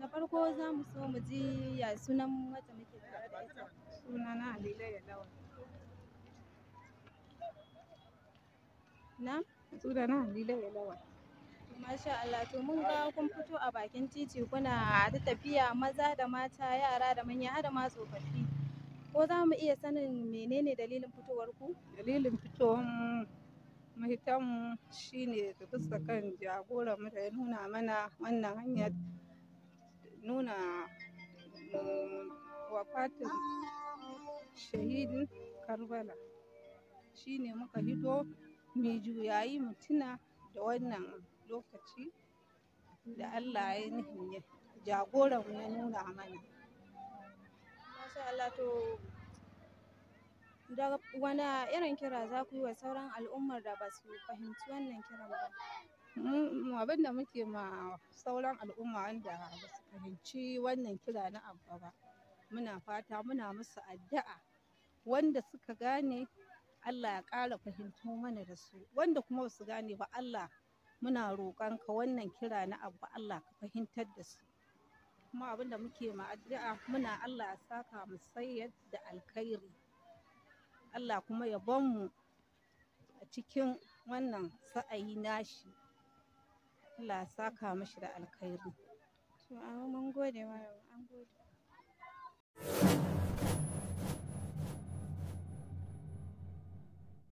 Na farko za mu so mu ji ya sunan wata muke tare da ita. Sunana Alila Yalawa. Na? Sunana Alila Yalawa. Masha Allah, to mun ga kun fito a bakin titi kuna ta tafiya maza da mata, yara da manya har da ma tsofaffi. Ko za mu iya sanin menene dalilin fitowarku? Dalilin fitowar mahitanmu ne da fuska kan jagoran mu ya nuna mana wannan hanyar nuna wafatin shahidin karbala shi ne muka hito mai juyayi mutuna da wannan lokaci da allah ya nuhin jagoran ya nuna mana da wani irin kira za ku yi wa sauran al'ummar da ba su fahimci wannan kiran ba abin da muke ma sauran al'umma wanda ba su fahimci wannan kira na abba ba muna fata muna musu addu'a wanda suka gane Allah ya ƙara fahimto mana da su wanda kuma ba su gane ba Allah muna roƙon ka wannan kira na abba Allah ka fahimtar da su kuma abin da muke ma addu'a muna Allah ya saka mu da alkhairi Allah kuma ya mu a cikin wannan sa'ayi nashi Allah ya saka mashi da alkhairi. To, mun gode an